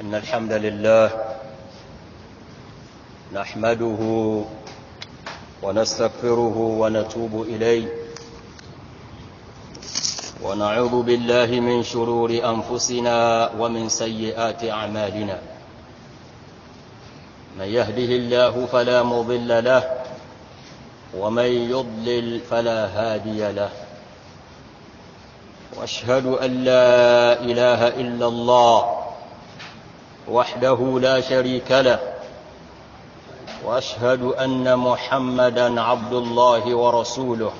إن الحمد لله نحمده ونستغفره ونتوب إليه ونعوذ بالله من شرور أنفسنا ومن سيئات أعمالنا من يهده الله فلا مضل له ومن يضلل فلا هادي له واشهد أن لا إله إلا الله وحده لا شريك له واشهد ان محمدا عبد الله ورسوله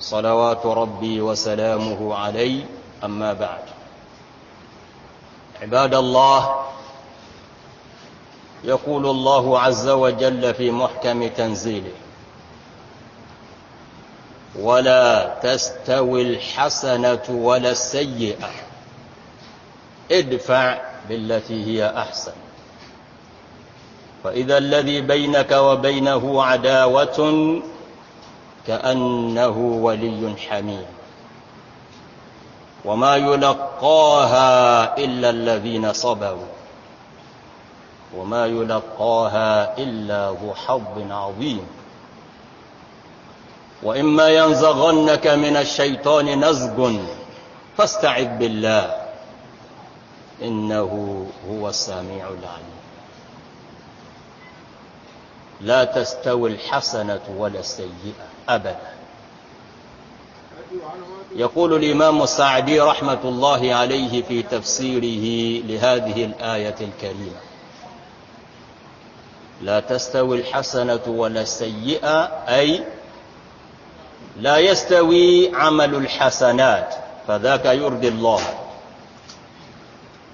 صلوات ربي وسلامه عليه اما بعد عباد الله يقول الله عز وجل في محكم تنزيله ولا تستوي الحسنه ولا السيئه ادفع بالتي هي أحسن فإذا الذي بينك وبينه عداوة كأنه ولي حميم وما يلقاها إلا الذين صبروا وما يلقاها إلا ذو حظ عظيم وإما ينزغنك من الشيطان نزغ فاستعذ بالله إنه هو السميع العليم لا تستوي الحسنة ولا السيئة أبدا يقول الإمام السعدي رحمة الله عليه في تفسيره لهذه الآية الكريمة لا تستوي الحسنة ولا السيئة أي لا يستوي عمل الحسنات فذاك يرضي الله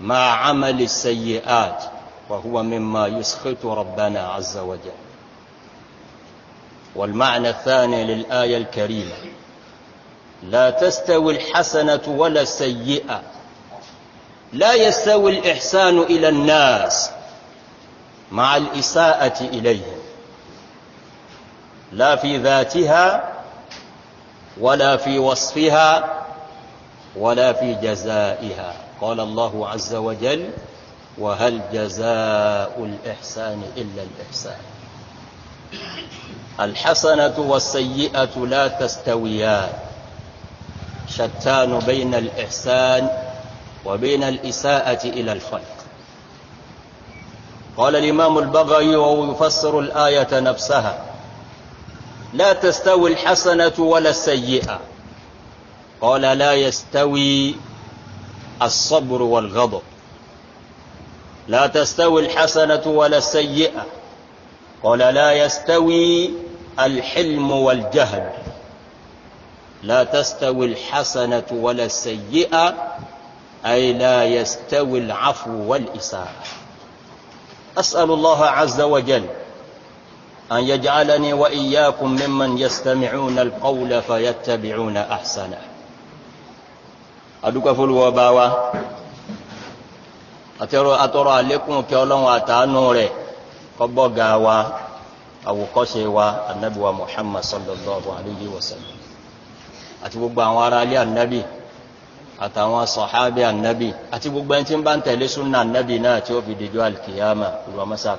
مع عمل السيئات وهو مما يسخط ربنا عز وجل والمعنى الثاني للآية الكريمة لا تستوي الحسنة ولا السيئة لا يستوي الإحسان إلى الناس مع الإساءة إليهم لا في ذاتها ولا في وصفها ولا في جزائها قال الله عز وجل وهل جزاء الإحسان إلا الإحسان الحسنة والسيئة لا تستويان شتان بين الإحسان وبين الإساءة إلى الخلق قال الإمام البغوي وهو يفسر الآية نفسها لا تستوي الحسنة ولا السيئة قال لا يستوي الصبر والغضب لا تستوي الحسنة ولا السيئة قال لا يستوي الحلم والجهل لا تستوي الحسنة ولا السيئة أي لا يستوي العفو والإساءة أسأل الله عز وجل أن يجعلني وإياكم ممن يستمعون القول فيتبعون أحسنه adúpẹ́ fólúwọ́ ọba wa àtọrọ àlékún kí ọlọ́run àtàánú rẹ̀ kọ́bọ́gà wa àwòkọ́ṣe wa annabi wa muhammad sallallahu alayhi wa sallam àti gbogbo àwọn ará ilé annabi àtàwọn sọ̀hábí annabi àti gbogbo ẹni tí ń bá ń tẹ̀lé súnà annabi náà tí ó fi dìjọ́ alkiyama olùwàmọ́sá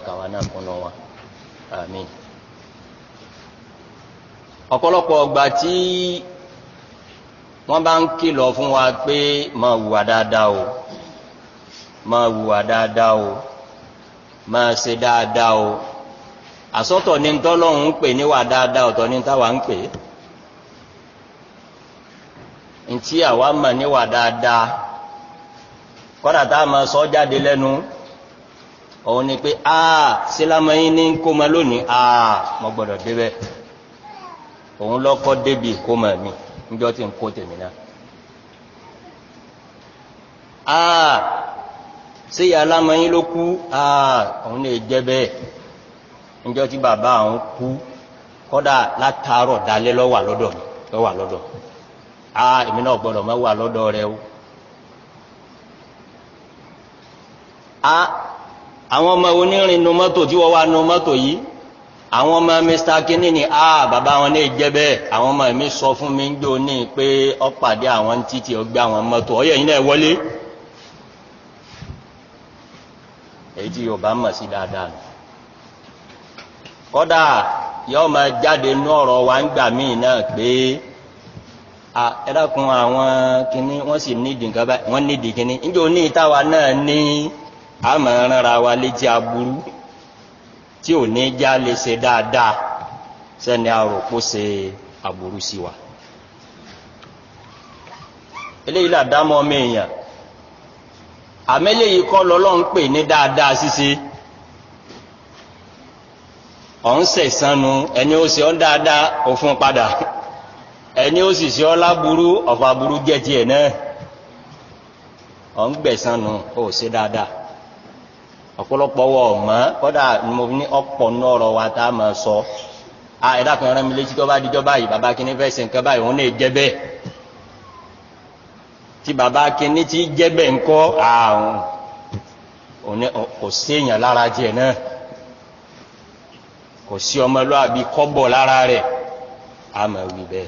wọ́n bá ń kìlọ̀ fún wa pé máa wùwà dáadáa o máa wùwà dáadáa o máa ṣe dáadáa o àsọ́tọ̀ ni tọ́lọ́hun ń pè níwà dáadáa ọ̀tọ̀ ni táwa ń pè ntí àwa mọ̀ níwà dáadáa kọ́dà tá a máa sọ jáde lẹ́nu òun ni pé a sílámọ́ yín ní kó mọ lónìí a mo gbọ́dọ̀ débẹ̀ òun lọ́kọ́ débi kó mọ̀ mi níjọ́ tí ń kó tèmi náà. aa ṣé ìyá alámọyín ló kú aa òun lè jẹ bẹ́ẹ̀ níjọ́ tí bàbá àwọn kú kódà látàárọ̀ dalẹ́ lọ́wà lọ́dọ̀ mi lọ́wà lọ́dọ̀ aa èmi náà gbọ́dọ̀ má wà lọ́dọ̀ rẹ o. a àwọn ọmọ onírin nu mọ́tò tí wọ́n wá nu mọ́tò yìí. àwọn ọmọ mr kinney ni a ah, bàbá wọn ní jẹ́ bẹ́ẹ̀ àwọn ọmọ mi sọ fún mi ń jò ní pé ọ pàdé àwọn títí ọgbẹ́ àwọn mọ́tò ọyẹ́ yìí náà wọlé èyí tí yorùbá mọ̀ sí dáadáa nù kódà yóò máa jáde ní ọ̀rọ̀ wa ń gbà míì náà pé ẹ dákun àwọn kinní wọ́n sì nídìí nǹkan báyìí wọ́n nídìí kinní níjó ní ìtawà náà ní àmọ́ rárá wa létí aburú. tí ò ní já lè ṣe dáadáa sẹ́ni àròpó ṣe àbúrú sí wa eléyìí làdámọ́ ọmọ èèyàn àmẹ́lẹ̀ yìí kọ́ lọ́lọ́run pè ní dáadáa ṣíṣe ọ̀n sẹ̀sánu ẹni ó ṣe ọ́ dáadáa òfun padà ẹni ó sì ṣe ọ́ láburú ọ̀fà burú jẹ́ tiẹ̀ náà ọ̀n gbẹ̀sánu ó ṣe dáadáa ọ̀pọ̀lọpọ̀ wọ̀ mọ́ kọ́dà ni mo ní ọ̀pọ̀ náà ọ̀rọ̀ wa tá a máa sọ a ẹ̀dá kan rán mi létí tó bá dijọ́ báyìí bàbá kínní fẹ́ ṣe nǹkan báyìí òun náà jẹ́ bẹ́ẹ̀ tí bàbá kínní ti jẹ́ bẹ́ẹ̀ ńkọ́ àrùn kò séèyàn lára jẹ náà kò sí ọmọlúwàbí kọ́bọ̀ lára rẹ̀ a máa wí bẹ́ẹ̀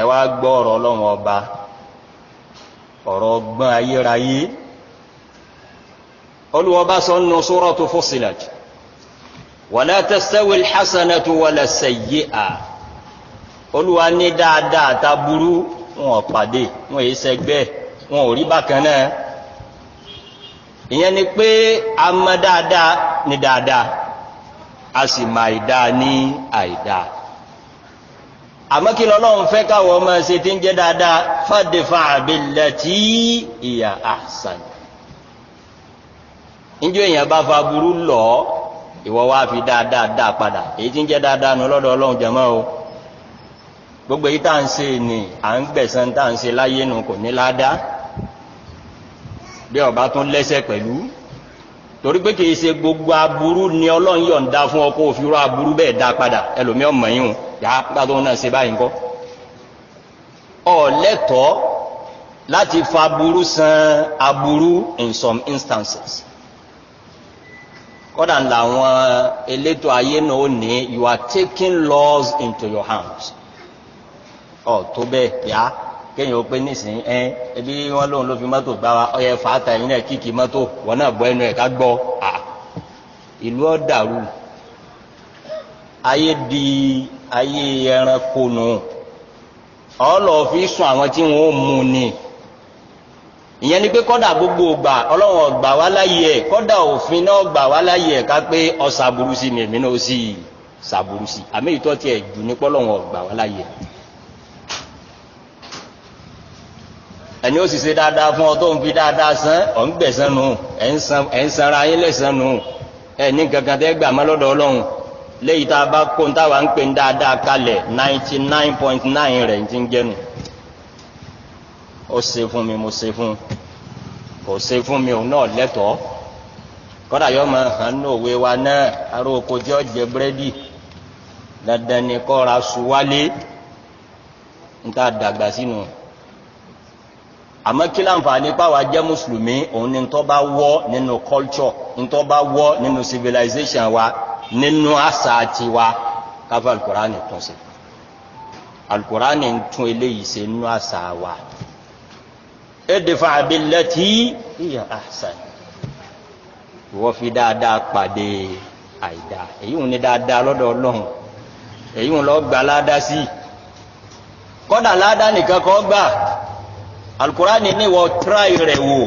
ẹ wá gbọ́ ọ̀rọ̀ ọlọ́run ọba ọ̀rọ̀ ọgbọ́n ayérayé. قل وبس sọ nù ولا Fussilat الحسنة ولا السيئة قل wala sayyi'a olúwa ní dáadáa ta burú wọn pàdé wọn èyí sẹgbẹ́ wọn ò rí bákan náà ìyẹn ni pé a mọ dáadáa ní dáadáa a sì mọ àìdáa ní àìdáa àmọ́ kí lọ́lọ́run fẹ́ káwọ́ ọmọ ṣe ti ń jẹ́ dáadáa fadfa billati hiya ahsan níjọ́ èèyàn bá fa burú lọ ìwọ wá fi dáadáa dáa padà èyí tí ń jẹ́ dáadáa nu lọ́dọ̀ ọlọ́run jẹ̀mọ́ o gbogbo èyí tá à ń ṣe ni à ń gbẹ̀san tá à ń ṣe láyé nu kò ní ládá bí ọba tún lẹ́sẹ̀ pẹ̀lú torí pé kìí ṣe gbogbo aburú ni ọlọ́run yọ̀ǹda fún ọ kó o fi rọ aburú bẹ́ẹ̀ dá padà ẹlòmíọ́ mọ̀nyún yà á náà ṣe báyìí ńkọ́ ọ lẹ́tọ̀ọ́ láti fa aburú san aburú in some instances. kódà làwọn elétò ayé náà ó ní you are taking laws into your hands ọ tó bẹ́ẹ̀ yá kéèyàn ó pé nísìnyí ẹ ẹbí wọn lóun ló fi mọ́tò gbá wa ọyẹ fàáta yìí náà kíkì mọ́tò wọn náà bọ́ ẹnu ẹ̀ ká à di ayé ẹranko nù ọ lọ fi sùn àwọn tí wọn ìyẹn ni pé kọ́dà gbogbo ọgbà ọlọ́run ọgbà wá láyé kọ́dà òfin náà gbà wá láyé ẹ̀ ká pé ọ̀sàbùrú sí ni èmi náà sì sí àmì ìtọ́ tiẹ̀ jù ní pọ́lọ́run ọgbà wá láyé ẹ̀. ó sì ṣe fún ọ tó ń fi dáadáa ń nù ń sanra nù ó ṣe fún mi mo ṣe fún un kò ṣe fún mi òun náà lẹ́tọ̀ọ́ kọ́dà yọ máa hàn ní òwe wa náà aró oko jẹ́ ọ̀jẹ̀ búrẹ́dì dandan ni kọ́ra su wálé ń tà dàgbà sínú àmọ́ kí láǹfààní páwa jẹ́ mùsùlùmí òun ni tó bá wọ́ nínú culture ní bá wọ́ nínú civilization wa nínú àṣà àti wa káfí alukurani tún ṣe alukurani tún eléyìí ṣe nínú àṣà wa ẹ̀dẹ̀fà àbílẹ̀ tí ìyà àṣàn wọ́n fi dáadáa pàdé àìdá èyí wọn ni dáadáa lọ́dọ̀ ọlọ́run èyí wọn lọ gbà ládá sí kọ́dà ládá nìkan kan gbà alukurani ni wọ́n tíráì rẹ̀ wò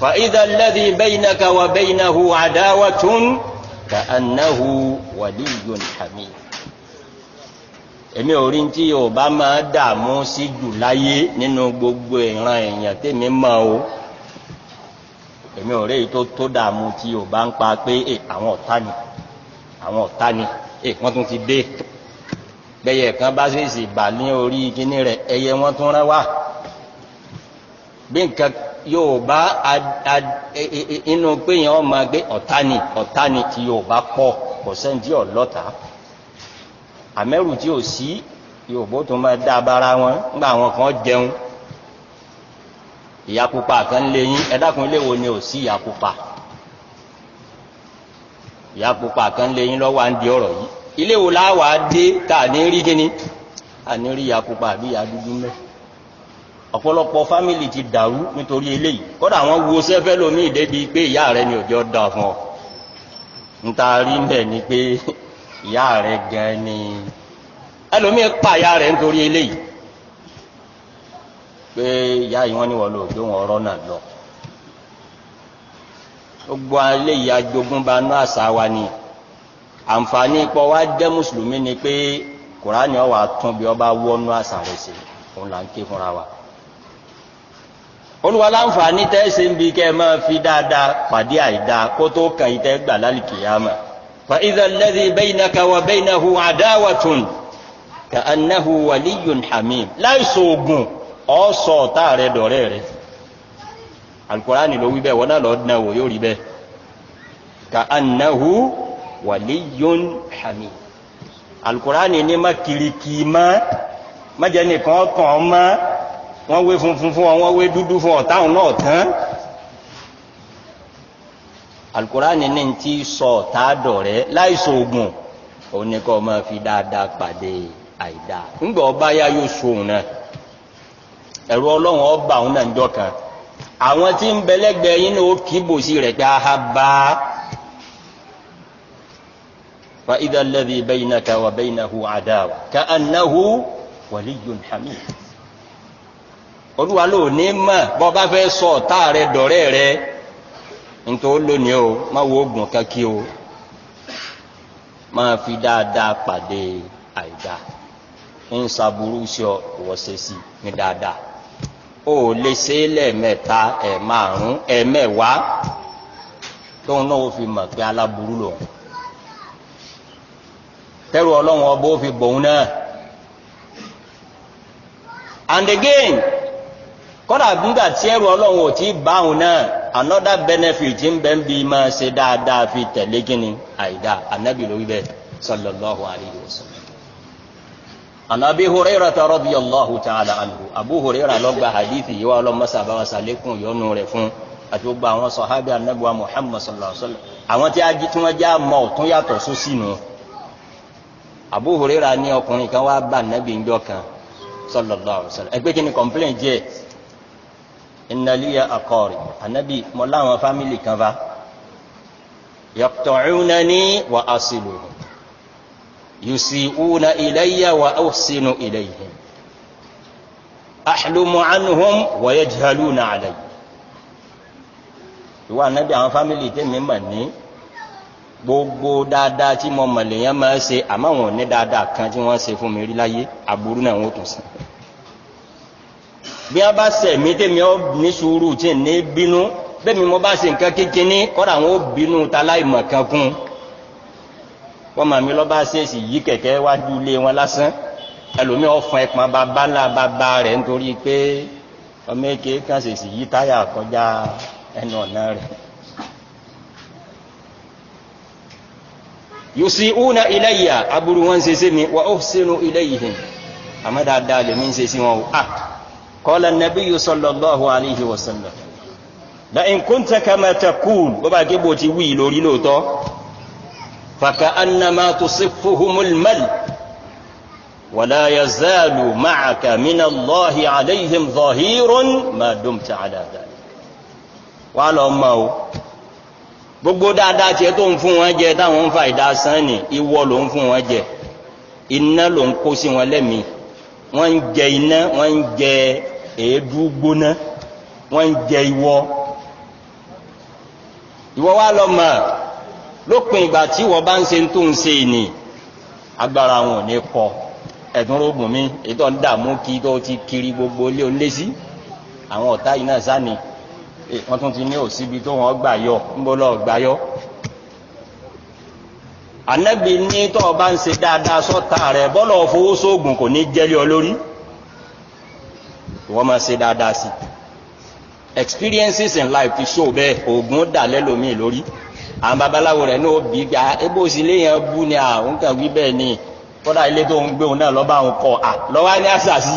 fa idà lẹ́dí bẹ́yìnà ka bẹ́yìnà hu àdáwà tún ka annahu wàlíyùn hamid èmi ò rí tí yóò bá máa dààmú sí jù láyé nínú gbogbo ìran èèyàn tèmi mọ̀ o èmi ò rí èyí tó tó dààmú tí yóò bá ń pa pé ẹ àwọn ọ̀tá ni àwọn ọ̀tá ni ẹ wọ́n tún ti dé bẹ́yẹ kan bá ṣèṣì bà ní orí kíní rẹ̀ ẹyẹ wọ́n tún rán wá bí nǹkan yóò bá e, e, inú pé yẹn ọmọ gbé ọ̀tá ni ọ̀tá ni tí yóò bá pọ̀ kò sẹ́ńtì ọ̀lọ́ta àmẹ́rù tí ò sí yòòbó tó máa dá abára wọn nígbà àwọn kan jẹun ìyapupa kan lé yín ẹ̀dákun ilé wo ni ò sí ìyapupa ìyapupa kan lé yín lọ́wọ́ à ń di ọ̀rọ̀ yìí ilé wo láwà á dé tá à ní rí kíni à ní rí ìyapupa àbí ìyá dúdú mẹ́ ọ̀pọ̀lọpọ̀ fámìlì ti dàrú nítorí eléyìí kódà wọ́n wo sẹ́fẹ́ lómi ìdẹ́bi pé ìyá rẹ ni òjò dà fún ọ ń ta rí mẹ́ ni pé ìyá rẹ̀ gan ni ẹlòmíì pa ìyá rẹ̀ nítorí eléyìí pé ìyá yìí wọ́n ní wọ́n lò gbé wọn rọ náà lọ gbogbo alẹ́ ìyá ajogúnba nú àṣà wa ni àǹfààní ipò wa jẹ́ mùsùlùmí ni pé kùránì ọ̀wà tún bí ọba wọnú àṣà rẹ̀ sí òun là ń ké fúnra wa olùwà láǹfààní tẹ́ ṣe ń bi kẹ́ ẹ máa fi dáadáa pàdé àìdáa kó tó kàn yìí tẹ́ gbà lálìkìyàmọ̀. فإذا الذي بينك وبينه عداوة كأنه ولي حميم لا يسوغون أصو تاري دوريري القرآن لو يبه ولا لودنا ويوري كأنه ولي حميم القرآن ni ma kiriki ma ma jẹ́ nìkan wọ́n wé funfun fún ọ wé dúdú fún ọ̀táhùn náà tán alukurani ní n ti sọ tààdọ̀ rẹ láìsọ ogun òun ni kò máa fi dáadáa pàdé àìdáa ńgbà ọba ya yóò so òun náà ẹ̀rù ọlọ́run ọba òun náà ń jọ kan àwọn tí ń bẹlẹ́gbẹ̀ẹ́ yín ní ó kíbò sí rẹ̀ pé aha bá fa idha alladhi baynaka wa baynahu adawa ka annahu waliyyun hamid olúwa ló ní mọ̀ bọ́ bá fẹ́ sọ ọ̀tá rẹ dọ̀rẹ́ rẹ nítorí lónìí o má wo oògùn kankí o máa fi dáadáa pàdé àìdá ń saburú sí ọ wọ́sẹ̀ sí ní dáadáa o ò lè ṣe é lẹ́ẹ̀mẹ́ta ẹ̀ márùn ẹ̀ mẹ́wàá tóun náà ó fi mọ̀ pé aláburú lòun tẹ́rù ọlọ́run ọba ó fi bòun náà and again kọ́dà nígbà tí ẹrù ọlọ́run ò tí bá òun náà another benefit ń bẹ ń bi máa ṣe dáadáa fi tẹ̀lé kíni àìdá anabi ló wí bẹ́ẹ̀ sallallahu alayhi wa sallam. anabi huraira ta Allahu ta'ala anhu abu huraira ló gba hadithi yìí wà lọ́mọ́sá bá wa sàlékún yọnu rẹ̀ fún àti gbogbo àwọn sọ̀hábì anabi muhammad sallallahu alayhi wa sallam àwọn tí a jí tí wọ́n já mọ́ ọ̀tún yàtọ̀ sósì nù. abu huraira ní ọkùnrin kan wá bá anabi ń jọ kan sallallahu alayhi wa sallam ẹgbẹ́ ni complain jẹ́ ìnàlíyà àkọ́ọ̀rì ànábì mọ́ láwọn fámìlì kan fa yọ̀tọ̀rún ní wà á sí lò yusi'una ilayya wa ahsinu ilayhim ahlumu anhum wa yajhaluna alayya ìwà ànábì àwọn fámìlì tèmi mà ní gbogbo dáadáa tí mọ̀ lèèyàn máa ṣe àmọ́ ní dáadáa kan tí wọ́n ṣe fún mi rí láyé àbúrú náà wọ́n tún sí bí a bá sẹ̀mí tèmi ọ ní sùúrù tí ní bínú bẹ́ẹ̀ mi mo bá ṣe nǹkan kékeré kọ́ra àwọn obìnú taláìmọ̀ kan kún wọ́n lọ́ba yí kẹ̀kẹ́ wájú ilé wọn lásán ẹlòmíì ọ̀fun ẹ̀pọ̀n bàbá ńlá rẹ̀ nítorí pé ọmọ èké kan yí táyà kọjá ẹnu ọ̀nà rẹ̀. aburú wọn ṣe sí mi wa uhsinu ilayhim àmọ́ dáadáa lèmi ń ṣe sí wọn o ah! قال النبي صلى الله عليه وسلم لئن كنت كما تقول بابا جيبو تي وي لوري لوتو فكأنما تصفهم المل ولا يزال معك من الله عليهم ظهير ما دمت على ذلك وعلى أمه gbogbo dáadáa tiẹ tó ń fún wọn jẹ táwọn ń fa ìdásán ni ìwọ ló ń fún wọn jẹ iná ló ń kó sí wọn lẹ́mìí wọ́n ń jẹ iná wọ́n ń jẹ èédú gbóná wọ́n ń jẹ ìwọ ìwọ wa lọ mọ̀ lópin ìgbà tí ìwọ bá ń ṣe tó ń ṣe ìní agbára wọn ò ní kọ ẹ̀dùn rógùn mi ètò ń dààmú kí tó ti kiri gbogbo ilé onílésí àwọn ọ̀tá yìí náà sáni wọ́n tún ti ní òsíbi tó gbà yọ ń bọ́ lọ́ọ́ gbà yọ ànábì ní tọ́ ọ bá ń ṣe dáadáa sọ́ta rẹ̀ bọ́lọ̀ fowó sóògùn kò ní jẹ́lé ọ wọ́n máa ṣe dáadáa sí experiences in life ti show bẹ́ẹ̀ oògùn dà lẹ́lòmíì lórí àwọn babaláwo rẹ̀ náà bí gba ah, ebó sì léyìn bú ni àwọn ah, kan wí bẹ́ẹ̀ ni kódà ilé tó ń gbé òun náà lọ́ba àwọn kọ à ah, lọ́wọ́ ní àṣà sí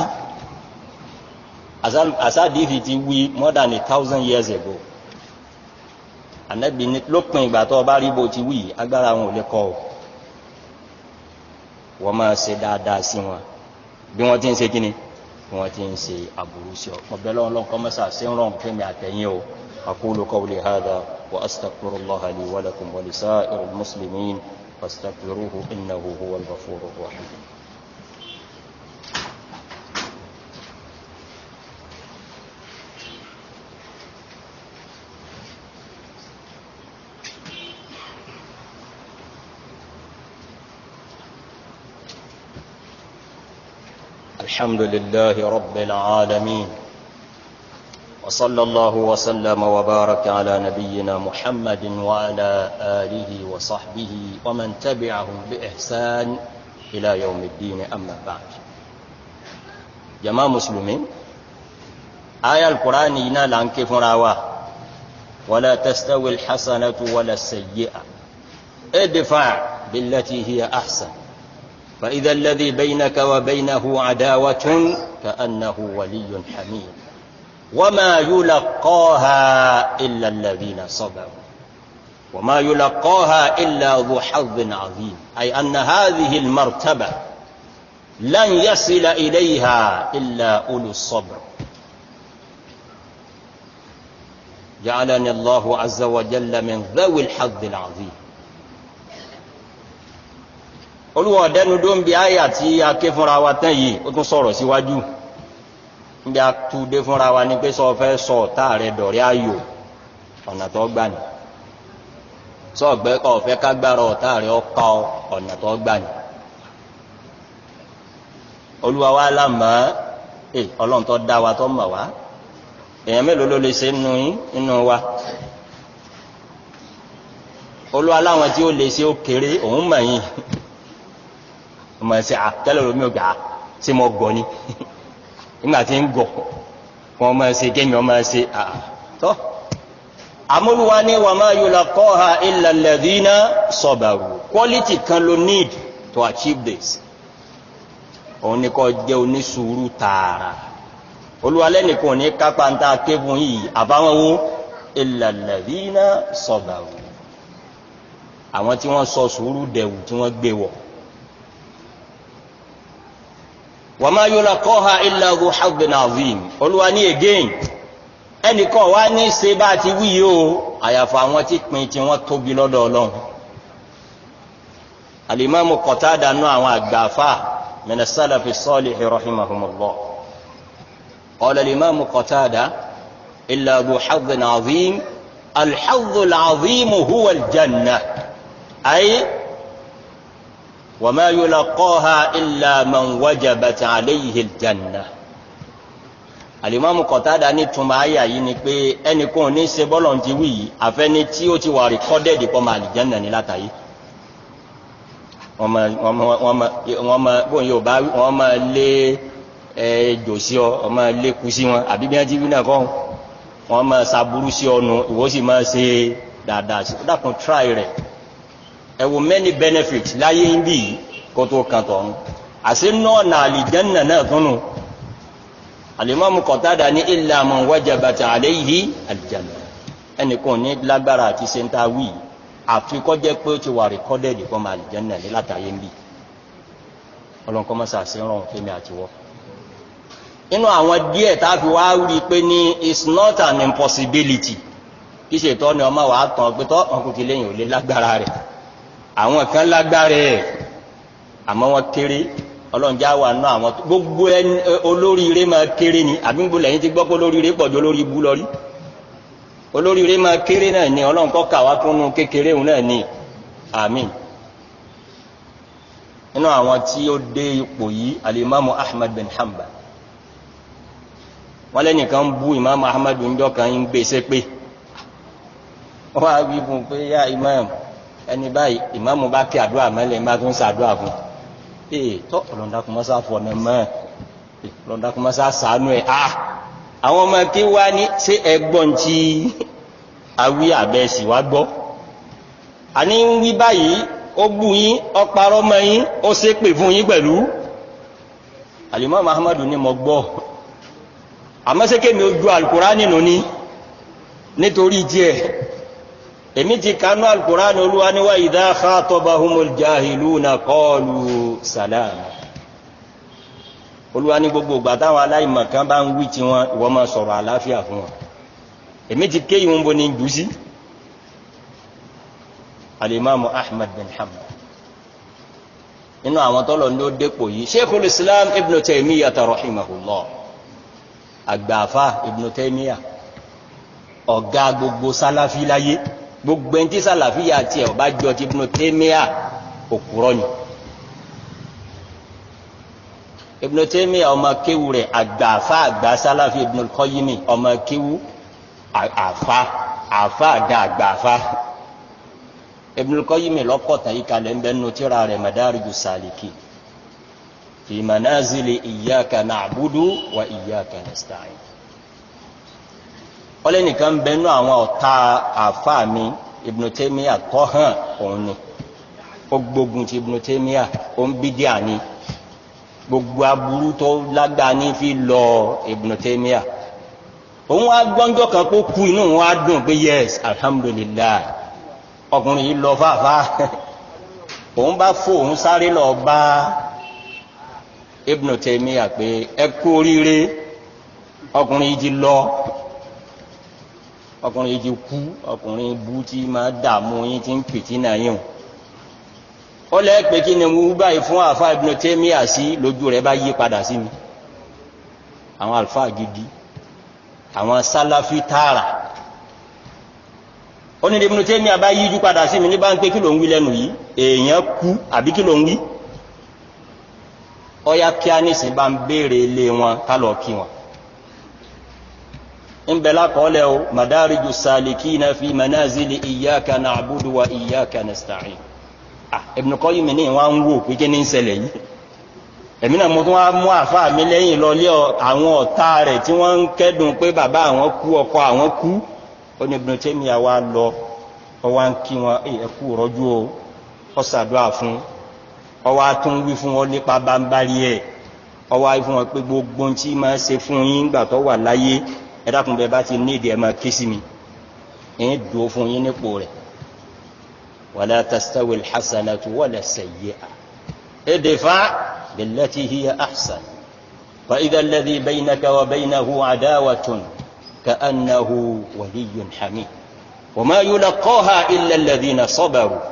àṣà dìfì ti wí more than a thousand years ago ànábì ní lópin ìgbà tó bá rí bó ti wí agbára wọn ò lè kọ o wọ́n máa ṣe dáadáa sí wọn bí wọ́n ti ń ṣe kí ni bí wọ́n ti ń ṣe àbúrú sí ọ ọbẹ̀ lọ́wọ́ lọ́nkọ́ mẹ́sà ṣe ń rọrùn fún àtẹ̀yìn o aqulu qawli hadha wa astaghfirullaha li wa lakum wa lisa'iril muslimin fastaghfiruhu innahu huwal ghafurur rahim. الحمد لله رب العالمين وصلى الله وسلم وبارك على نبينا محمد وعلى آله وصحبه ومن تبعهم بإحسان إلى يوم الدين أما بعد جماعة مسلمين آية القرآن لان كيف راوا ولا تستوي الحسنة ولا السيئة ادفع بالتي هي أحسن فإذا الذي بينك وبينه عداوة كأنه ولي حميم وما يلقاها إلا الذين صبروا وما يلقاها إلا ذو حظ عظيم أي أن هذه المرتبة لن يصل إليها إلا أولو الصبر جعلني الله عز وجل من ذوي الحظ العظيم olúwa ọ̀dẹ́nu dó ń bi àyà tí a ké fúnra wa tán yìí ó tún sọ̀rọ̀ síwájú níbi a tú dé fúnra wa pé sọ fẹ́ sọ ọ̀tá dọ̀rí ayò ọ̀nà tó gbà ní sọ ọ̀gbẹ́ kọ ọ̀fẹ́ kágbára ọ̀nà tó gbà ní olúwa wa lámà ẹ eh, ọlọ́run tó dá wa tó mọ̀ wá èèyàn ọmọ ẹsẹ àtẹlẹ lomi ọgbà ṣé mo gọ ni nígbà tí ń gọ fún ọmọ ẹsẹ kémi ọmọ ẹsẹ àtọ. àmúlùwá ní wà máa yọ lakọ́ ha illa alladhina quality kan ló need to achieve this òun ni kò jẹ́ onísùúrù tààrà olúwalẹ́ nìkan ní kápá ń ta kébùn yìí àbáwọn wo illa sabaru àwọn tí wọ́n sọ sùúrù dẹ̀wù tí wọ́n gbé wọ̀. wàmá yóla kọ́ha ilà ru hadin azim olúwa ní again ẹnìkan wá ní ṣe bá ti wí yìí o àyàfà àwọn tí pin tí wọ́n tóbi lọ́dọ̀ ọlọ́run alimami kọtada nù àwọn àgbàfà mẹnẹ sálàfi sọọli rahimahumọlọ ọlọlimami kọtada ilà ru hadin azim alhadul azim huwa aljanna ayé. وما يلقاها إلا من وجبت عليه الجنة alimami Qatada ní tuma aya yìí ni pé ẹnìkan ní ṣe bọ́lọ̀ ti wí yìí àfẹ́ni tí ó ti wà rìkọ́dẹ̀dì pọ̀ máa àlìjẹ́nà ní látàyé wọ́n máa lé ẹjọ́ sí ọ wọ́n máa lé kú sí wọn àbí bí wọ́n ti wí náà kọ́ wọ́n máa ṣàbúrú sí ọnu ìwọ sì máa ṣe dáadáa ẹ̀wò many benefits láyé ń bí kó tó kan tọ̀run àṣẹ náà nà àlìjánà náà tún nù àlìmọ́mù kọ̀tádà ní illa man wajabat alayhi àlìjánà ẹnìkan ní lágbára àti sẹ́ńtà wí àfi kó jẹ́ pé ó ti wà recorded kọ́ mọ àlìjánà ní látàyé ń bí ọlọ́nkọ́ mọ́sá sí rọrùn fún mi àtiwọ́ inú àwọn díẹ̀ tá a fi wá rí i pé ní it's not an impossibility kí ṣètọ́ ni ọmọ wàá tán pé tọ́ ọkùnkì lẹ́yìn ò lè lágbára rẹ̀ àwọn kan lágbára ẹ̀ àmọ́ wọn kéré ọlọ́njá wà ná àwọn gbogbo ẹni olóríire máa kéré ni àbí gbogbo lẹ́yìn tí gbọ́ pé olóríire pọ̀jù olórí ibú lọ rí olóríire máa kéré náà ni ọlọ́run kọ́ kà wá kúnnú kékeré òun náà ni àmín nínú àwọn tí ó dé ipò yìí alimamu ahmad bin hanbal wọ́n lẹ́nìkan bú imamu ahmad ń ń gbèsè pé wọ́n á wí fún un pé yá imam ẹni báyìí ìmáàmù bá kí àdúrà mẹ́lẹ̀ má tún sàdúrà fún ee tọ́ ọ̀lọ́ndàkùnmọ́sá fọ̀nà mọ́ ẹ̀ ọ̀lọ́ndàkùnmọ́sá sàánú ẹ̀ a àwọn ọmọ kí wá ní ṣé ẹgbọ́n tí awí àbẹ̀sì wá gbọ́ àní ń wí báyìí ó bú yín ó parọ́ mọ́ yín ó ṣépè fún yín pẹ̀lú alimọ́ mahamadu ni mo gbọ́ àmọ́ ṣé kémi ojú al nínú ni nítorí díẹ̀ èmi ti kanú alukur'an olúwa ni wá ìdá khatabahumul jahiluna qalu salam olúwa ní gbogbo ìgbà táwọn aláìmọ̀ kan bá ń wí tí wọn ìwọ máa sọ̀rọ̀ àlàáfíà fún wọn èmi ti ké ìwọn bo ni jù sí alimami ahmed bin hamad nínú àwọn tọ́lọ̀ ní ó dépò yìí sheikhul islam ibn taymiyyah rahimahullah àgbààfà ibn taymiyyah ọ̀gá gbogbo sálàfí gbogbo ẹni tí sàlàfíà tiẹ̀ ọba jọ ti Ibn Taymiyyah òkúrọ́ ni Ibn Taymiyyah ọmọ kéwu rẹ̀ àgbàfà àgbà sàlàfí Ibn Qayyim ọmọ kéwu àfà àfà àdá àgbàfà Ibn Qayyim lọ́kọ̀tà yìí kalẹ̀ ńbẹ́ nù tíra rẹ̀ Madariju Saliki fi manazili iyyaka na'budu wa iyyaka nasta'in ọlẹ́nìkan bẹnu àwọn ọ̀tá àfa mi Ibn Taymiyyah kọ́ hàn òun ni ó gbógun ti Ibn Taymiyyah ó ń bídíà ni gbogbo aburú tó lágbàá ní fi lọ Ibn Taymiyyah òun wá gbọ́njọ́ kan kó kú inú wọn á dùn pé yes alhamdulilayi ọkùnrin yìí lọ fàáfà òun bá fò òun sáré lọ bá Ibn pé ẹ kú oríire ọkùnrin yìí ti lọ ọkùnrin yìí ti kú ọkùnrin bú tí máa dààmú yín ti ń pìtì náà yín o ó lẹ́ẹ̀ pé kí ni wú báyìí fún àfa Ibn Taymiyyah sí lójú rẹ̀ bá yí padà sí mi àwọn àlùfáà gidi àwọn sálàfí tààrà ó ní Ibn Taymiyyah bá yíjú padà sí mi ní bá ń pé kí ló ń wí lẹ́nu yìí èèyàn kú àbí kí ló ń wí ọyá kíá nísìnyí bá ń béèrè ilé wọn ká lọ kí wọn ń bẹ lákọọ́lẹ̀ o madariju salikina fi manazili iyaka na'budu wa iyaka nasta'in ah Ibn Qayyim ní ìwà ń wò pé kí ní ń ṣẹlẹ̀ yìí èmi náà mo tún wá mú àfa mi lẹ́yìn lọlé àwọn ọ̀tá rẹ̀ tí wọ́n ń kẹ́dùn pé bàbá àwọn kú ọkọ àwọn kú ó ní Ibn Taymiyyah wá lọ ọ ń kí wọn ẹ kú rọ́jú o ọ ṣàdúrà fún ọ tún wí fún wọn nípa bámbárí ẹ ọ wá fún wọn pé gbogbo ohun tí máa ṣe fún yín gbà wà láyé ẹdàkùn dákun bẹ́ẹ̀ bá ti ní ìdí ẹ̀ máa ké sí mi ẹ̀yìn dùn fún yín nípò rẹ̀ wala tastawi alhasanatu wala sayyi'a idfa billati hiya ahsan fa idha alladhi baynaka wa baynahu adawatun كأنه ولي حميد وما يلقاها إلا الذين صبروا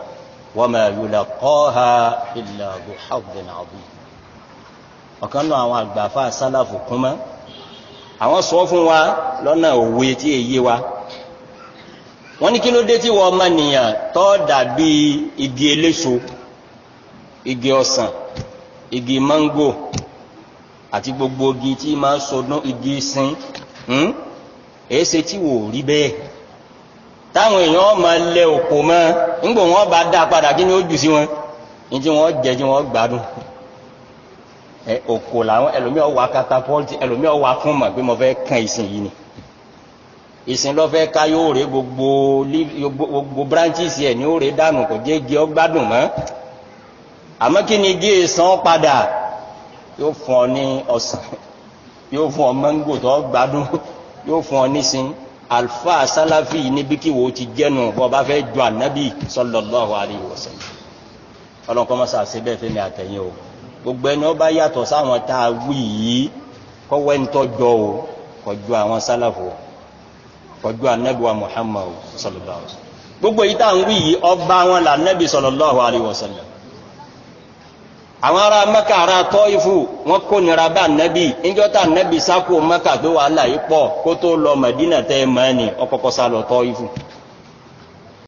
وما يلقاها إلا ذو حظ عظيم ọ̀kan náà àwọn àgbàfà sálàfù kúnmọ́ àwọn sọ fún wa lọ́nà òwe tí èyí wa wọ́n ní kí ló dé tí wọ́n ma nìyàn tó dàbí igi eléso igi ọsàn igi mango àti gbogbo igi tí ma sọ sọdún igi sin hmm? èéṣe tí wò rí bẹ́ẹ̀ táwọn èèyàn máa lẹ òpó mọ́ gbò wọn bá dá padà kí ni ó jù sí wọn ní tí wọ́n jẹ tí wọ́n gbádùn ẹ òkò làwọn ẹlòmíì ọwọ akatapọlti ẹlòmíì ọwọ akúnmọ pé mo fẹ́ kàn ìsìn yìí ni ìsìn lọfẹ ká yóò rè gbogbo gbogbo branches yẹ ni ó rè dànù kò jẹ gé ọ gbádùn mọ́ àmọ́ kí ni gé san padà yóò fún ọ ní ọsàn yóò fún ọ mọ́ngò tó gbádùn yóò fún ọ nísìn alfa salafi níbi kí wo ti jẹnu bọ́ bá fẹ́ jọ anabi sallallahu alaihi wasallam ọlọ́nkọ́ mọ́sá síbẹ̀ fẹ́mi àtẹ̀yìn o. gbogbo ẹni ọba yàtọ̀ sáwọn tá a wí yìí kọ́wẹ́ ń tọ́jọ́ o kọjú àwọn sálàfò kọjú anábìwa muhammadu sallallahu gbogbo yìí tá a wí yìí ọba wọn là nábì sallallahu alaihi wasallam àwọn ará ará tọ́ wọn kó nira bá nábì níjọ́ tá nábì sáko mẹ́ka pé wàhálà pọ̀ lọ